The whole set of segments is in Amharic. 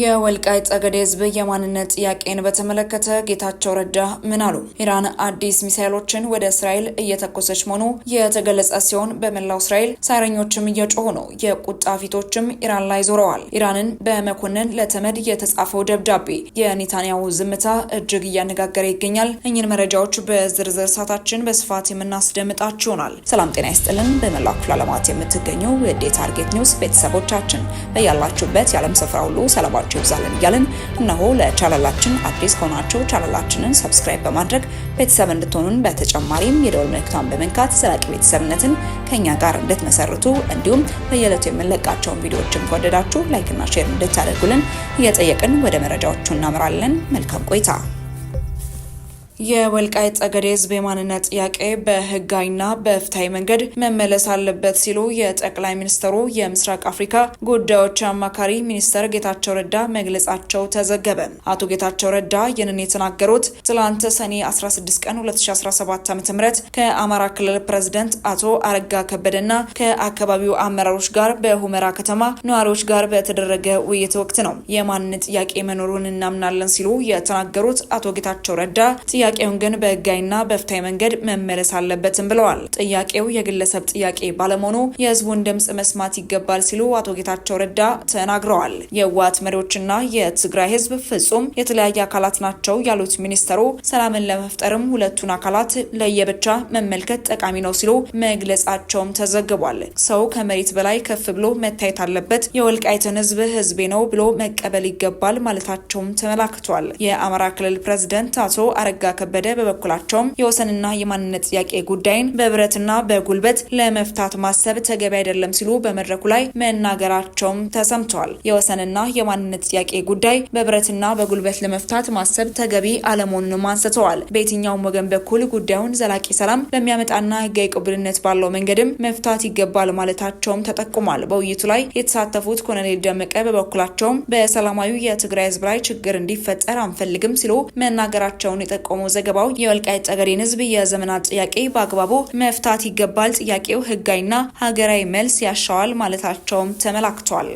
የወልቃይት ጠገዴ ህዝብ የማንነት ጥያቄን በተመለከተ ጌታቸው ረዳ ምን አሉ? ኢራን አዲስ ሚሳይሎችን ወደ እስራኤል እየተኮሰች መሆኑ የተገለጸ ሲሆን በመላው እስራኤል ሳይረኞችም እየጮሁ ነው። የቁጣ ፊቶችም ኢራን ላይ ዞረዋል። ኢራንን በመኮንን ለተመድ የተጻፈው ደብዳቤ የኔታንያሁ ዝምታ እጅግ እያነጋገረ ይገኛል። እኚህን መረጃዎች በዝርዝር ሰዓታችን በስፋት የምናስደምጣችሁ ይሆናል። ሰላም ጤና ይስጥልን። በመላው ክፍለ ዓለማት የምትገኙ የዴ ታርጌት ኒውስ ቤተሰቦቻችን በያላችሁበት የዓለም ስፍራ ሁሉ ሰላም ጸጋቸው ይብዛልን እያልን እነሆ ለቻናላችን አዲስ ከሆናችሁ ቻናላችንን ሰብስክራይብ በማድረግ ቤተሰብ እንድትሆኑን በተጨማሪም የደወል ምልክቷን በመንካት ዘላቂ ቤተሰብነትን ከእኛ ጋር እንድትመሰርቱ እንዲሁም በየዕለቱ የምንለቃቸውን ቪዲዮዎችን ከወደዳችሁ ላይክና ሼር እንድታደርጉልን እየጠየቅን ወደ መረጃዎቹ እናምራለን። መልካም ቆይታ የወልቃይት ጠገዴ ህዝብ የማንነት ጥያቄ በህጋዊና በፍትሐዊ መንገድ መመለስ አለበት ሲሉ የጠቅላይ ሚኒስትሩ የምስራቅ አፍሪካ ጉዳዮች አማካሪ ሚኒስትር ጌታቸው ረዳ መግለጻቸው ተዘገበ። አቶ ጌታቸው ረዳ ይህንን የተናገሩት ትላንት ሰኔ 16 ቀን 2017 ዓ ም ከአማራ ክልል ፕሬዝደንት አቶ አረጋ ከበደና ከአካባቢው አመራሮች ጋር በሁመራ ከተማ ነዋሪዎች ጋር በተደረገ ውይይት ወቅት ነው። የማንነት ጥያቄ መኖሩን እናምናለን ሲሉ የተናገሩት አቶ ጌታቸው ረዳ ጥያቄውን ግን በህጋዊና በፍትሐዊ መንገድ መመለስ አለበትም ብለዋል። ጥያቄው የግለሰብ ጥያቄ ባለመሆኑ የህዝቡን ድምፅ መስማት ይገባል ሲሉ አቶ ጌታቸው ረዳ ተናግረዋል። የህወሓት መሪዎችና የትግራይ ህዝብ ፍጹም የተለያየ አካላት ናቸው ያሉት ሚኒስተሩ ሰላምን ለመፍጠርም ሁለቱን አካላት ለየብቻ መመልከት ጠቃሚ ነው ሲሉ መግለጻቸውም ተዘግቧል። ሰው ከመሬት በላይ ከፍ ብሎ መታየት አለበት። የወልቃይትን ህዝብ ህዝቤ ነው ብሎ መቀበል ይገባል ማለታቸውም ተመላክቷል። የአማራ ክልል ፕሬዝደንት አቶ አረጋ ከበደ በበኩላቸውም የወሰንና የማንነት ጥያቄ ጉዳይን በብረትና በጉልበት ለመፍታት ማሰብ ተገቢ አይደለም ሲሉ በመድረኩ ላይ መናገራቸውም ተሰምቷል። የወሰንና የማንነት ጥያቄ ጉዳይ በብረትና በጉልበት ለመፍታት ማሰብ ተገቢ አለመሆኑንም አንስተዋል። በየትኛውም ወገን በኩል ጉዳዩን ዘላቂ ሰላም በሚያመጣና ህጋዊ ቅቡልነት ባለው መንገድም መፍታት ይገባል ማለታቸውም ተጠቁሟል። በውይይቱ ላይ የተሳተፉት ኮሎኔል ደመቀ በበኩላቸውም በሰላማዊ የትግራይ ህዝብ ላይ ችግር እንዲፈጠር አንፈልግም ሲሉ መናገራቸውን የጠቆሙ ዘገባው የወልቃይት ጠገዴን ህዝብ የዘመናት ጥያቄ በአግባቡ መፍታት ይገባል፣ ጥያቄው ህጋዊና ሀገራዊ መልስ ያሻዋል ማለታቸውም ተመላክቷል።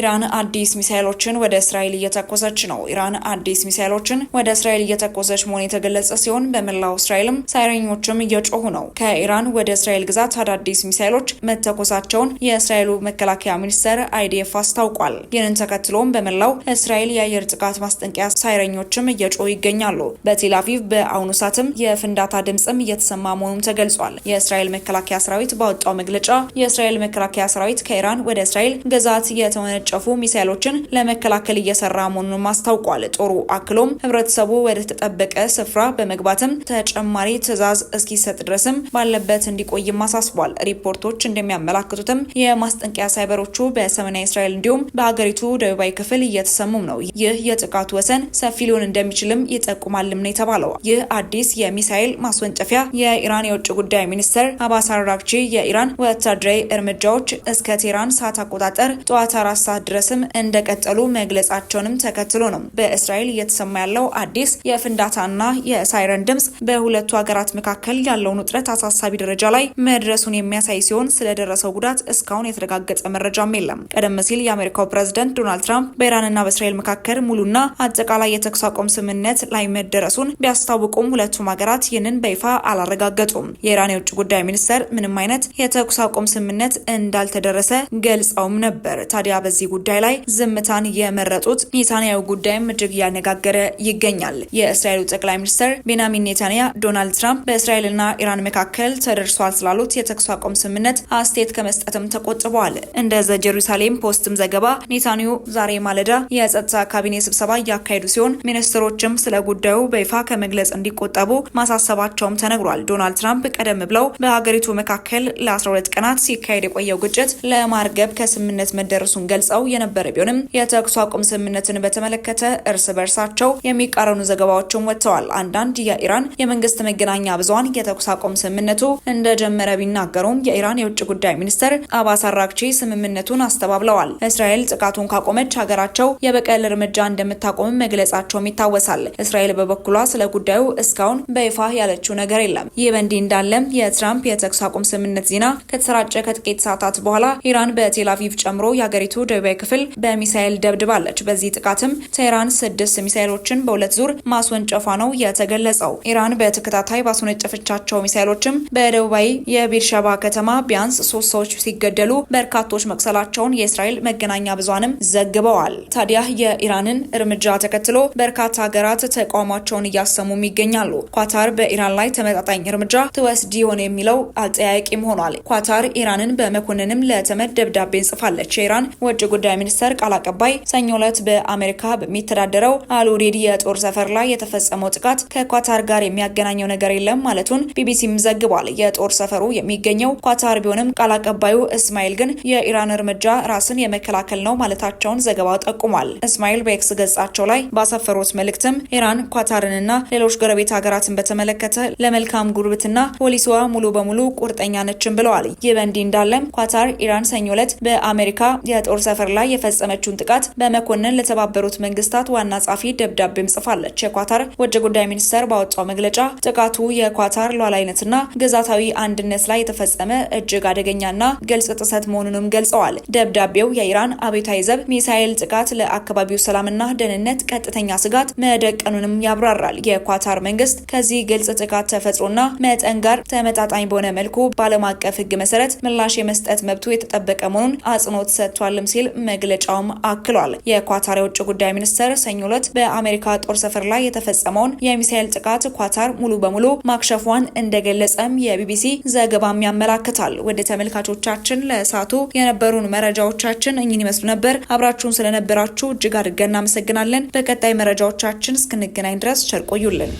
ኢራን አዲስ ሚሳይሎችን ወደ እስራኤል እየተኮሰች ነው። ኢራን አዲስ ሚሳይሎችን ወደ እስራኤል እየተኮሰች መሆኑ የተገለጸ ሲሆን በመላው እስራኤልም ሳይረኞችም እየጮሁ ነው። ከኢራን ወደ እስራኤል ግዛት አዳዲስ ሚሳይሎች መተኮሳቸውን የእስራኤሉ መከላከያ ሚኒስቴር አይዲኤፍ አስታውቋል። ይህንን ተከትሎም በመላው እስራኤል የአየር ጥቃት ማስጠንቀቂያ ሳይረኞችም እየጮሁ ይገኛሉ። በቴላቪቭ በአሁኑ ሰዓትም የፍንዳታ ድምፅም እየተሰማ መሆኑም ተገልጿል። የእስራኤል መከላከያ ሰራዊት ባወጣው መግለጫ የእስራኤል መከላከያ ሰራዊት ከኢራን ወደ እስራኤል ግዛት የተወነ የሚወነጨፉ ሚሳይሎችን ለመከላከል እየሰራ መሆኑንም አስታውቋል። ጦሩ አክሎም ህብረተሰቡ ወደ ተጠበቀ ስፍራ በመግባትም ተጨማሪ ትዕዛዝ እስኪሰጥ ድረስም ባለበት እንዲቆይም አሳስቧል። ሪፖርቶች እንደሚያመላክቱትም የማስጠንቀቂያ ሳይበሮቹ በሰሜናዊ እስራኤል እንዲሁም በሀገሪቱ ደቡባዊ ክፍል እየተሰሙም ነው። ይህ የጥቃቱ ወሰን ሰፊ ሊሆን እንደሚችልም ይጠቁማልም ነው የተባለው። ይህ አዲስ የሚሳይል ማስወንጨፊያ የኢራን የውጭ ጉዳይ ሚኒስትር አባስ አራግቺ የኢራን ወታደራዊ እርምጃዎች እስከ ቴህራን ሰዓት አቆጣጠር ጠዋት አራት ሰዓት ድረስም እንደቀጠሉ መግለጻቸውንም ተከትሎ ነው በእስራኤል እየተሰማ ያለው አዲስ የፍንዳታና የሳይረን ድምፅ በሁለቱ ሀገራት መካከል ያለውን ውጥረት አሳሳቢ ደረጃ ላይ መድረሱን የሚያሳይ ሲሆን ስለደረሰው ጉዳት እስካሁን የተረጋገጠ መረጃም የለም። ቀደም ሲል የአሜሪካው ፕሬዝደንት ዶናልድ ትራምፕ በኢራንና በእስራኤል መካከል ሙሉና አጠቃላይ የተኩስ አቁም ስምምነት ላይ መደረሱን ቢያስታውቁም ሁለቱም ሀገራት ይህንን በይፋ አላረጋገጡም። የኢራን የውጭ ጉዳይ ሚኒስተር ምንም አይነት የተኩስ አቁም ስምምነት እንዳልተደረሰ ገልጸውም ነበር። ታዲያ በዚህ በዚህ ጉዳይ ላይ ዝምታን የመረጡት ኔታንያሁ ጉዳይም እጅግ እያነጋገረ ይገኛል። የእስራኤሉ ጠቅላይ ሚኒስትር ቤንያሚን ኔታንያ ዶናልድ ትራምፕ በእስራኤልና ኢራን መካከል ተደርሷል ስላሉት የተኩስ አቁም ስምምነት አስተያየት ከመስጠትም ተቆጥበዋል። እንደ ዘ ጀሩሳሌም ፖስትም ዘገባ ኔታንያሁ ዛሬ ማለዳ የጸጥታ ካቢኔ ስብሰባ እያካሄዱ ሲሆን ሚኒስትሮችም ስለ ጉዳዩ በይፋ ከመግለጽ እንዲቆጠቡ ማሳሰባቸውም ተነግሯል። ዶናልድ ትራምፕ ቀደም ብለው በሀገሪቱ መካከል ለ12 ቀናት ሲካሄድ የቆየው ግጭት ለማርገብ ከስምምነት መደረሱን ገልጸው ገልጸው የነበረ ቢሆንም የተኩስ አቁም ስምምነትን በተመለከተ እርስ በርሳቸው የሚቃረኑ ዘገባዎችን ወጥተዋል። አንዳንድ የኢራን የመንግስት መገናኛ ብዙሀን የተኩስ አቁም ስምምነቱ እንደጀመረ ቢናገሩም የኢራን የውጭ ጉዳይ ሚኒስትር አባስ አራግቺ ስምምነቱን አስተባብለዋል። እስራኤል ጥቃቱን ካቆመች ሀገራቸው የበቀል እርምጃ እንደምታቆም መግለጻቸውም ይታወሳል። እስራኤል በበኩሏ ስለ ጉዳዩ እስካሁን በይፋ ያለችው ነገር የለም። ይህ በእንዲህ እንዳለም የትራምፕ የተኩስ አቁም ስምምነት ዜና ከተሰራጨ ከጥቂት ሰዓታት በኋላ ኢራን በቴል አቪቭ ጨምሮ የሀገሪቱ የደቡባዊ ክፍል በሚሳኤል ደብድባለች። በዚህ ጥቃትም ቴህራን ስድስት ሚሳኤሎችን በሁለት ዙር ማስወንጨፏ ነው የተገለጸው። ኢራን በተከታታይ ባስወነጨፈቻቸው ሚሳኤሎችም በደቡባዊ የቤርሸባ ከተማ ቢያንስ ሶስት ሰዎች ሲገደሉ በርካቶች መቁሰላቸውን የእስራኤል መገናኛ ብዙሃንም ዘግበዋል። ታዲያ የኢራንን እርምጃ ተከትሎ በርካታ ሀገራት ተቃውሟቸውን እያሰሙም ይገኛሉ። ኳታር በኢራን ላይ ተመጣጣኝ እርምጃ ትወስድ ይሆን የሚለው አጠያያቂም ሆኗል። ኳታር ኢራንን በመኮንንም ለተመድ ደብዳቤ እንጽፋለች። የኢራን ወጭ ጉዳይ ሚኒስቴር ቃል አቀባይ ሰኞ ዕለት በአሜሪካ በሚተዳደረው አልኡዴድ የጦር ሰፈር ላይ የተፈጸመው ጥቃት ከኳታር ጋር የሚያገናኘው ነገር የለም ማለቱን ቢቢሲም ዘግቧል። የጦር ሰፈሩ የሚገኘው ኳታር ቢሆንም ቃል አቀባዩ እስማኤል ግን የኢራን እርምጃ ራስን የመከላከል ነው ማለታቸውን ዘገባው ጠቁሟል። እስማኤል በኤክስ ገጻቸው ላይ ባሰፈሩት መልእክትም ኢራን ኳታርንና ሌሎች ጎረቤት ሀገራትን በተመለከተ ለመልካም ጉርብትና ፖሊሲዋ ሙሉ በሙሉ ቁርጠኛ ነችም ብለዋል። ይህ በእንዲህ እንዳለም ኳታር ኢራን ሰኞ ዕለት በአሜሪካ የጦር ሰፈር ላይ የፈጸመችውን ጥቃት በመኮንን ለተባበሩት መንግስታት ዋና ጸሐፊ ደብዳቤም ጽፋለች። የኳታር ውጭ ጉዳይ ሚኒስቴር ባወጣው መግለጫ ጥቃቱ የኳታር ሉዓላዊነትና ግዛታዊ አንድነት ላይ የተፈጸመ እጅግ አደገኛና ግልጽ ጥሰት መሆኑንም ገልጸዋል። ደብዳቤው የኢራን አብዮታዊ ዘብ ሚሳኤል ጥቃት ለአካባቢው ሰላምና ደህንነት ቀጥተኛ ስጋት መደቀኑንም ያብራራል። የኳታር መንግስት ከዚህ ግልጽ ጥቃት ተፈጥሮና መጠን ጋር ተመጣጣኝ በሆነ መልኩ በዓለም አቀፍ ሕግ መሰረት ምላሽ የመስጠት መብቱ የተጠበቀ መሆኑን አጽንኦት ሰጥቷልም ሲል ሲል መግለጫውም አክሏል። የኳታር የውጭ ጉዳይ ሚኒስትር ሰኞ ዕለት በአሜሪካ ጦር ሰፈር ላይ የተፈጸመውን የሚሳኤል ጥቃት ኳታር ሙሉ በሙሉ ማክሸፏን እንደገለጸም የቢቢሲ ዘገባም ያመላክታል። ወደ ተመልካቾቻችን ለእሳቱ የነበሩን መረጃዎቻችን እኚህን ይመስሉ ነበር። አብራችሁን ስለነበራችሁ እጅግ አድርገን እናመሰግናለን። በቀጣይ መረጃዎቻችን እስክንገናኝ ድረስ ቸር ቆዩልን።